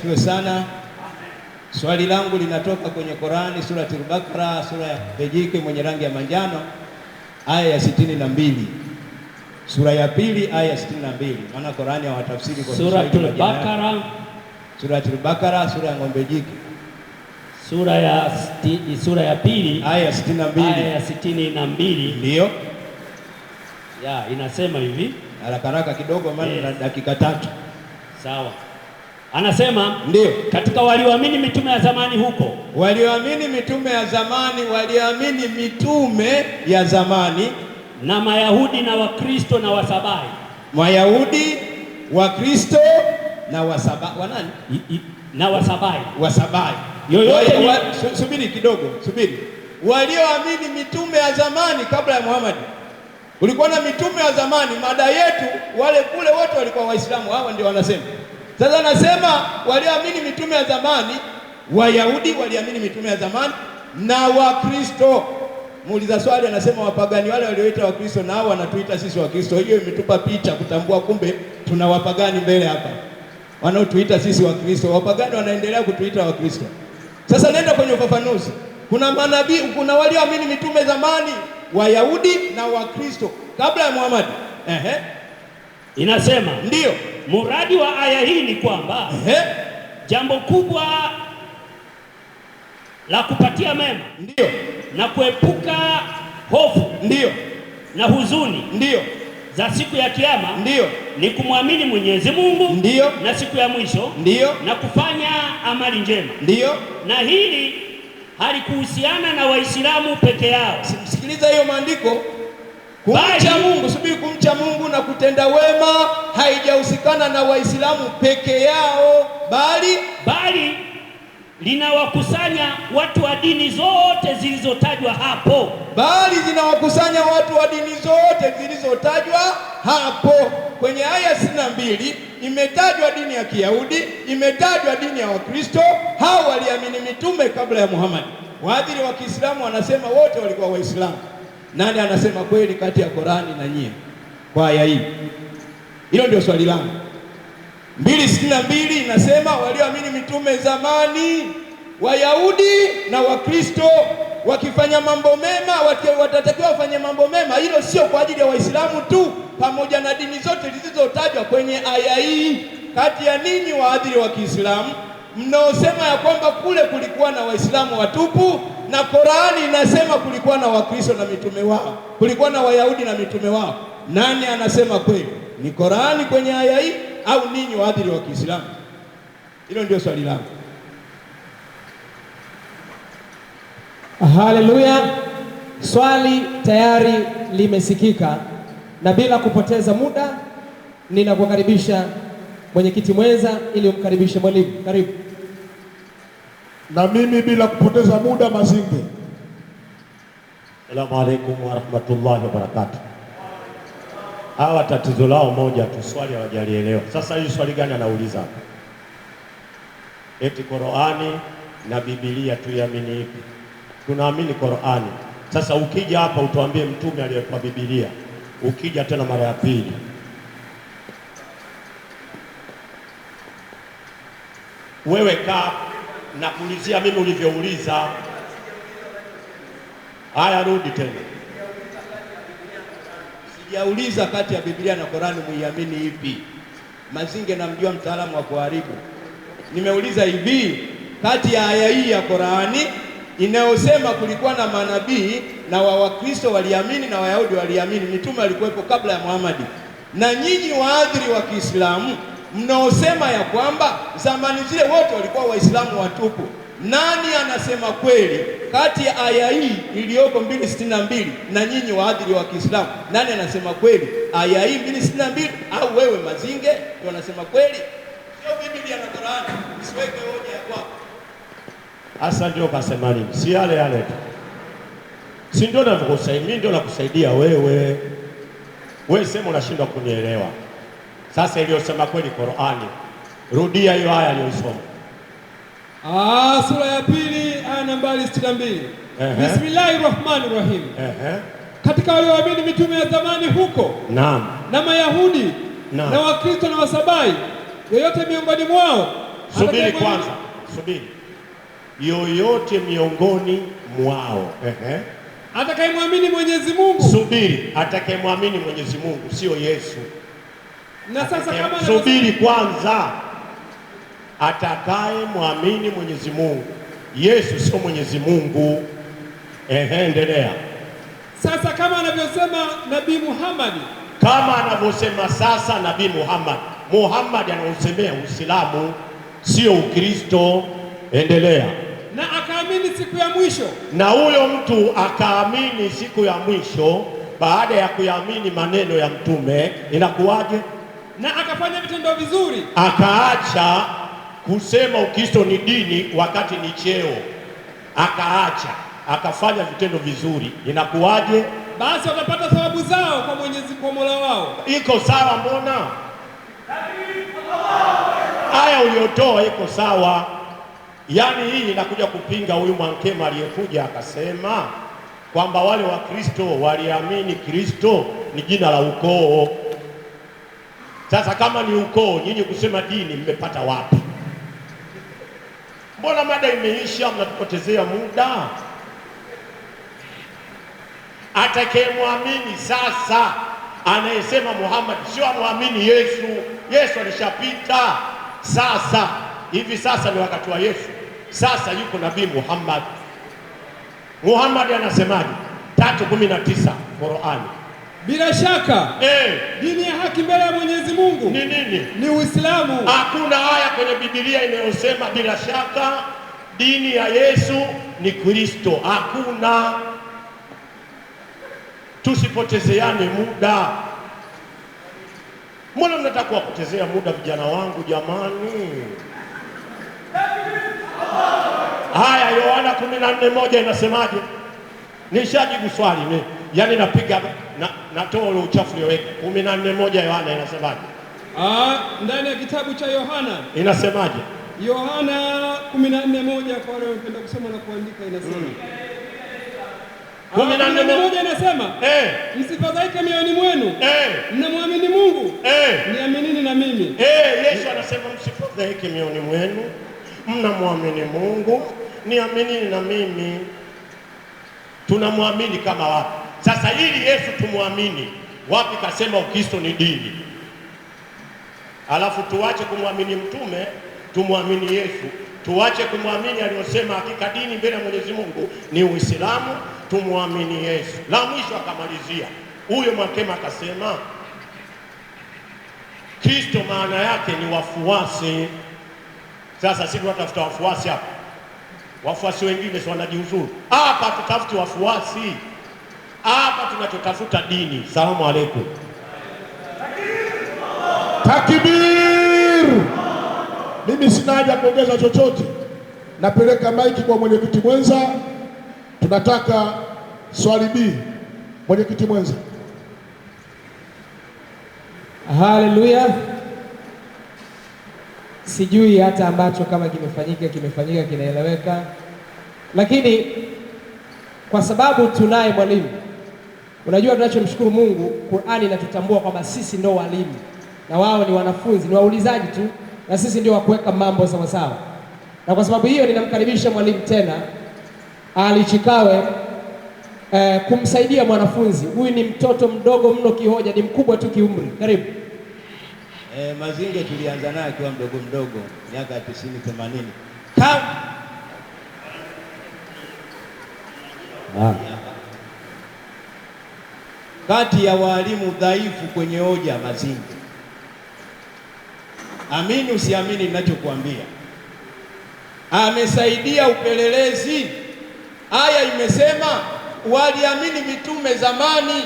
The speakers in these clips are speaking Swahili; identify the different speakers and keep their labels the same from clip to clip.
Speaker 1: asifiwe sana. Swali langu linatoka kwenye Qurani Suratul Bakara sura ya pejike mwenye rangi ya manjano aya ya sitini na mbili sura ya pili aya ya sitini na mbili maana Qurani hawatafsiri kwa
Speaker 2: Suratul Bakara,
Speaker 1: Suratul Bakara sura ya ng'ombe jike
Speaker 2: sura ya sti, sura ya pili
Speaker 1: aya ya sitini na mbili
Speaker 2: aya ya sitini na mbili ndio ya inasema hivi
Speaker 1: haraka haraka kidogo maana yes. dakika tatu
Speaker 2: sawa Anasema ndio katika walioamini mitume ya zamani huko,
Speaker 1: walioamini mitume ya zamani, walioamini mitume ya zamani
Speaker 2: na Mayahudi na Wakristo na Wasabai,
Speaker 1: Mayahudi Wakristo na Wasabai,
Speaker 2: i, na Wasabai,
Speaker 1: Wasabai yoyote wa, wa, subiri kidogo, subiri. Walioamini mitume ya zamani kabla ya Muhammad, kulikuwa na mitume ya zamani. Mada yetu wale kule wote walikuwa Waislamu. Hawa ndio wanasema sasa nasema walioamini mitume ya zamani, Wayahudi waliamini mitume ya zamani na Wakristo. Muuliza swali anasema wapagani wale walioita Wakristo nao wanatuita sisi Wakristo. Hiyo imetupa picha kutambua kumbe tuna wapagani mbele hapa wanaotuita sisi Wakristo, wapagani wanaendelea kutuita Wakristo. Sasa nenda kwenye ufafanuzi. Kuna manabii, kuna walioamini mitume zamani, Wayahudi na Wakristo kabla ya Muhammad. Ehe, inasema ndio
Speaker 2: Muradi wa aya hii ni kwamba jambo kubwa la kupatia mema ndio, na kuepuka hofu ndio, na huzuni ndio za siku ya Kiyama ndio ni kumwamini Mwenyezi Mungu ndio, na siku ya mwisho ndio, na kufanya amali njema ndio. Na hili halikuhusiana na Waislamu peke yao.
Speaker 1: Sikiliza hiyo maandiko Kumcha Mungu, subiri, kumcha Mungu na kutenda wema haijahusikana na Waislamu peke yao, bali
Speaker 2: bali linawakusanya watu wa dini zote zilizotajwa hapo,
Speaker 1: bali linawakusanya watu wa dini zote zilizotajwa hapo. Kwenye aya sitini na mbili imetajwa dini ya Kiyahudi, imetajwa dini ya Wakristo. Hao waliamini mitume kabla ya Muhammad. Waadhiri wa Kiislamu wanasema wote walikuwa Waislamu. Nani anasema kweli kati ya Korani na nyie kwa aya hii? Hilo ndio swali langu. mbili sitini na mbili inasema walioamini mitume zamani, Wayahudi na Wakristo wakifanya mambo mema watatakiwa wafanye mambo mema. Hilo sio kwa ajili ya Waislamu tu, pamoja na dini zote zilizotajwa kwenye aya hii. Kati ya ninyi waadhiri wa Kiislamu mnaosema ya kwamba kule kulikuwa na Waislamu watupu na Korani inasema kulikuwa na Wakristo na mitume wao, kulikuwa na Wayahudi na mitume wao. Nani anasema kweli? Ni Korani kwenye aya hii au ninyi waadhiri wa Kiislamu? Hilo ndio swali langu.
Speaker 2: Haleluya! Swali tayari limesikika, na bila kupoteza muda ninakukaribisha mwenyekiti mwenza ili umkaribishe mwalimu. Karibu.
Speaker 1: Na mimi bila kupoteza muda Mazinge. Assalamu alaikum warahmatullahi wabarakatu Hawa tatizo lao moja tu, swali hawajalielewa. Sasa hili swali gani anauliza? Eti Qur'ani na Biblia tuiamini ipi? Tunaamini Qur'ani. Sasa ukija hapa utuambie mtume aliyekuwa Biblia, ukija tena mara ya pili wewe kaa nakuulizia mimi ulivyouliza. Haya, rudi tena. Sijauliza kati ya Biblia na Korani muiamini ipi? Mazinge namjua mtaalamu wa kuharibu. Nimeuliza hivi, kati ya aya hii ya Korani inayosema kulikuwa na manabii na wa Wakristo waliamini na Wayahudi waliamini, mitume walikuwepo kabla ya Muhammad, na nyinyi waadhiri wa Kiislamu mnaosema ya kwamba zamani zile wote walikuwa Waislamu watupu. Nani anasema kweli kati ya aya hii iliyoko mbili na mbili na nyinyi waadhiri wa Kiislamu, nani anasema kweli? Aya hii mbili mbili au wewe Mazinge ndio anasema kweli?
Speaker 3: Sio Biblia na Qur'ani, usiweke hoja ya kwako.
Speaker 1: Hasa ndio kasemani, si yale yale tu, si ndio navyokusaidia mimi, ndio nakusaidia wewe. Wewe sema unashindwa kunielewa. Sasa iliyosema kweli Qur'ani. Rudia hiyo aya aliyosoma. Ah, sura ya pili aya nambari 62. Bismillahir Rahmanir Rahim. Katika walioamini mitume ya zamani huko, naam, na Mayahudi naam, na Wakristo na Wasabai, yoyote miongoni mwao. Subiri kwanza, subiri. Yoyote miongoni mwao, atakayemwamini Mwenyezi Mungu. Subiri, atakayemwamini Mwenyezi Mungu, sio Yesu. Na sasa kama subiri kwanza, atakaye mwamini Mwenyezi Mungu, Yesu sio Mwenyezi Mungu. Ehe, endelea. Sasa kama anavyosema Nabii Muhammad, kama anavyosema sasa Nabii Muhammad. Muhammad anausemea Uislamu sio Ukristo. Endelea. Na akaamini siku ya mwisho, na huyo mtu akaamini siku ya mwisho baada ya kuyaamini maneno ya Mtume, inakuwaje? na akafanya vitendo vizuri, akaacha kusema Ukristo ni dini wakati ni cheo, akaacha akafanya vitendo vizuri, inakuwaje? Basi watapata thawabu zao kwa Mwenyezi, kwa Mola wao. Iko sawa? Mbona aya uliotoa iko sawa? Yaani hii inakuja kupinga huyu mwankema aliyekuja akasema kwamba wale Wakristo waliamini Kristo ni jina la ukoo sasa kama ni ukoo, nyinyi kusema dini mmepata wapi? Mbona mada imeisha, mnatupotezea muda. Atakayemwamini sasa, anayesema Muhammad sio amwamini Yesu. Yesu alishapita. Sasa hivi sasa ni wakati wa Yesu. Sasa yuko nabii Muhammad. Muhammad anasemaje? 3:19 Qur'ani. Bila shaka eh, dini ya haki mbele ya Mwenyezi Mungu ni nini? Ni Uislamu. Hakuna aya kwenye Biblia inayosema bila shaka dini ya Yesu ni Kristo. Hakuna. Tusipotezeane muda. Mbona mnataka kuwapotezea muda vijana wangu jamani? Haya, Yohana kumi na moja inasemaje? Nishajibu swali mimi. yaani napiga natoa ule uchafu lioweka. kumi na moja Yohana inasemaje? Ah, ndani ya kitabu cha Yohana inasemaje? Yohana 14:1 kwa wale wanapenda kusoma na kuandika inasema mm. Ah, kumi na nne moja inasema eh, msifadhaike mioyoni mwenu eh, mnamwamini Mungu eh, niaminini na mimi eh. Yesu anasema msifadhaike mioyoni mwenu, mnamwamini Mungu, niaminini na mimi. Tunamwamini kama wapi sasa? Ili Yesu tumwamini wapi? Kasema Ukristo ni dini Alafu tuache kumwamini mtume, tumwamini Yesu, tuache kumwamini aliyosema, hakika dini mbele ya Mwenyezi Mungu ni Uislamu, tumwamini Yesu. La mwisho akamalizia huyo Mwakema akasema, Kristo maana yake ni wafuasi. Sasa sisi tunatafuta wafuasi hapa, wafuasi wengine si wanajiuzuru hapa, tutafuti wafuasi hapa, tunachotafuta dini. Salamu alaikum. Takbir! Mimi sina haja kuongeza chochote, napeleka maiki kwa mwenyekiti mwenza. Tunataka swali B. Mwenyekiti mwenza.
Speaker 2: Haleluya! Sijui hata ambacho kama kimefanyika kimefanyika kinaeleweka, lakini kwa sababu tunaye mwalimu, unajua tunachomshukuru Mungu, Qur'ani inatutambua kwamba sisi ndio walimu na wao ni wanafunzi, ni waulizaji tu, na sisi ndio wakuweka mambo sawa sawa. Na kwa sababu hiyo ninamkaribisha mwalimu tena alichikawe eh, kumsaidia mwanafunzi huyu. Ni mtoto mdogo mno kihoja, ni mkubwa tu kiumri. Karibu.
Speaker 1: Eh, Mazinge tulianza naye akiwa mdogo mdogo miaka 90 80. Ah. Kati ya walimu dhaifu kwenye hoja Mazinge amini usiamini ninachokuambia. Amesaidia upelelezi. Aya imesema waliamini mitume zamani,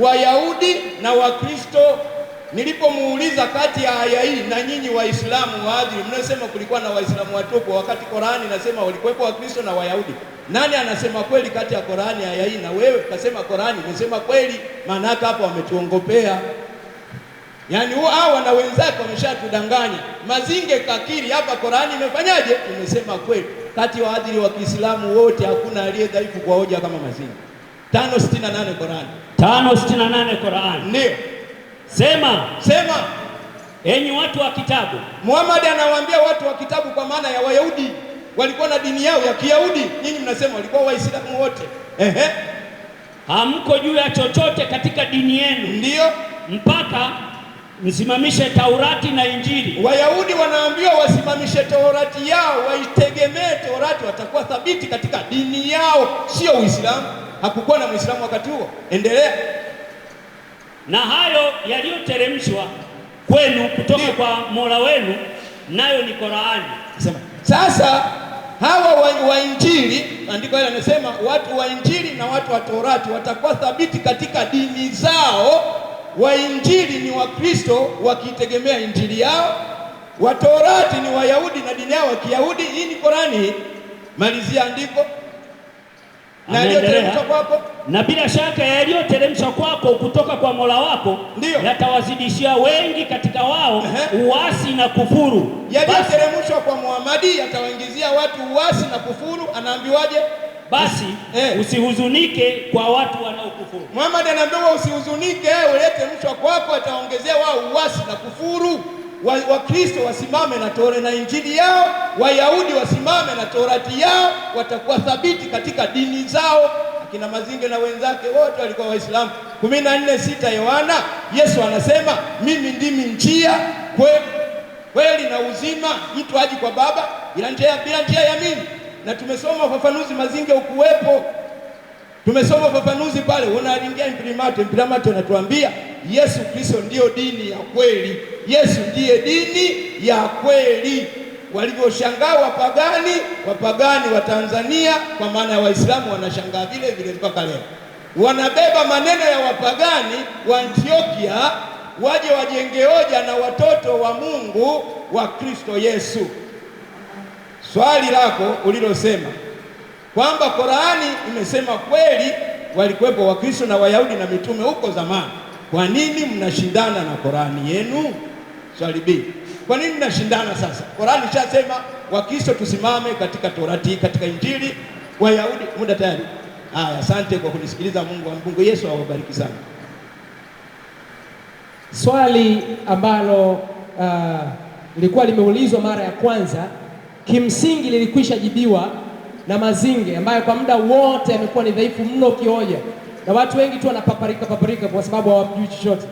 Speaker 1: Wayahudi na Wakristo. Nilipomuuliza kati ya aya hii na nyinyi Waislamu waadhiri, mnasema kulikuwa na Waislamu watupu, wakati Qurani nasema walikuwepo Wakristo na Wayahudi. Nani anasema kweli kati ya Qurani aya hii na wewe? Kasema Qurani imesema kweli, maana hapo wametuongopea. Yaani hao wana wenzake wameshatudanganya. Mazinge kakiri hapa, Qur'ani imefanyaje? Imesema kweli, kati ya waadhiri wa Kiislamu wote hakuna aliye dhaifu kwa hoja kama Mazinge. 568 Qur'ani.
Speaker 2: 568 Qur'ani. Ndio. Sema, sema enyi watu wa kitabu.
Speaker 1: Muhammad anawaambia watu wa kitabu kwa maana ya Wayahudi walikuwa na dini yao ya Kiyahudi, nyinyi mnasema walikuwa Waislamu wote. Ehe.
Speaker 2: Hamko juu ya chochote katika dini yenu. Ndio. Mpaka msimamishe Taurati na Injili.
Speaker 1: Wayahudi wanaambiwa wasimamishe Taurati yao, waitegemee Taurati, watakuwa thabiti katika dini yao, sio Uislamu. Hakukuwa na Muislamu wakati huo. Endelea
Speaker 2: na hayo yaliyoteremshwa kwenu kutoka Ndiyo. kwa Mola wenu, nayo ni Qur'ani.
Speaker 1: Sema sasa hawa wa, wa Injili, andiko hili anasema watu wa Injili na watu wa Taurati watakuwa thabiti katika dini zao Wainjili ni Wakristo wakiitegemea Injili yao, Watorati ni Wayahudi na dini yao wa Kiyahudi. Hii ni Korani, malizia andiko na yaliyoteremshwa kwako,
Speaker 2: na bila shaka yaliyoteremshwa kwako kutoka kwa Mola wako ndio yatawazidishia wengi katika wao uasi na kufuru.
Speaker 1: Yaliyoteremshwa kwa Muhammad yatawaingizia watu uasi na kufuru. Anaambiwaje?
Speaker 2: basi eh, usihuzunike kwa watu wanaokufuru.
Speaker 1: Muhammad anaambiwa usihuzunike, ulete mchwa kwako, ataongezea wao uasi na kufuru. Wakristo wa wasimame na tore na Injili yao, Wayahudi wasimame na Torati yao, watakuwa thabiti katika dini zao. Akina Mazinge na wenzake wote walikuwa Waislamu. kumi na nne sita Yohana, Yesu anasema mimi ndimi njia, kweli kweli na uzima, mtu aji kwa Baba bila njia, bila njia ya mimi na tumesoma ufafanuzi mazinge ukuwepo, tumesoma ufafanuzi pale, unalingia imprimato. Imprimato anatuambia Yesu Kristo ndiyo dini ya kweli, Yesu ndiye dini ya kweli. Walivyoshangaa wapagani, wapagani wa Tanzania kwa maana ya Waislamu wanashangaa vile vile mpaka leo, wanabeba maneno ya wapagani wa Antiokia waje wajengeoja na watoto wa Mungu wa Kristo Yesu swali lako ulilosema kwamba Korani imesema kweli, walikuwepo Wakristo na Wayahudi na mitume huko zamani. Kwa nini mnashindana na Korani yenu? Swali B, kwa nini mnashindana sasa? Korani ishasema Wakristo tusimame katika Torati, katika Injili, Wayahudi. Muda tayari. Haya, asante kwa kunisikiliza. Mungu wa Mungu Yesu awabariki sana.
Speaker 2: Swali ambalo uh, lilikuwa limeulizwa mara ya kwanza kimsingi lilikwisha jibiwa na Mazinge ambaye kwa muda wote amekuwa ni dhaifu mno kioja, na watu wengi tu wanapaparika paparika kwa sababu hawamjui chochote,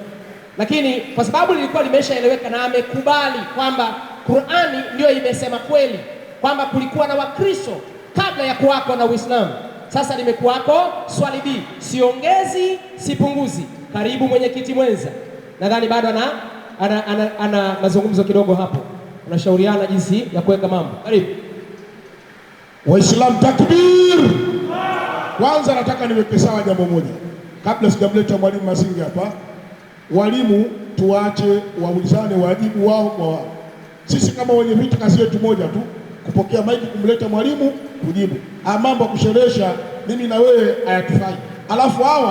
Speaker 2: lakini kwa sababu lilikuwa limeshaeleweka na amekubali kwamba Qur'ani ndiyo imesema kweli kwamba kulikuwa na Wakristo kabla ya kuwako na Uislamu. Sasa limekuwako swali B, siongezi sipunguzi. Karibu mwenyekiti mwenza, nadhani bado ana, ana, ana, ana mazungumzo kidogo hapo unashauriana jinsi ya kuweka mambo. Karibu
Speaker 1: Waislamu, takbir! Kwanza nataka niweke sawa jambo moja kabla sijamleta mwalimu Masingi hapa. Walimu tuwache waulizane wajibu wao kwa wao. Sisi kama wenye viti, kazi yetu moja tu, kupokea maiki, kumleta mwalimu, kujibu. Ah, mambo ya kusherehesha mimi na wewe hayatufai, alafu hawa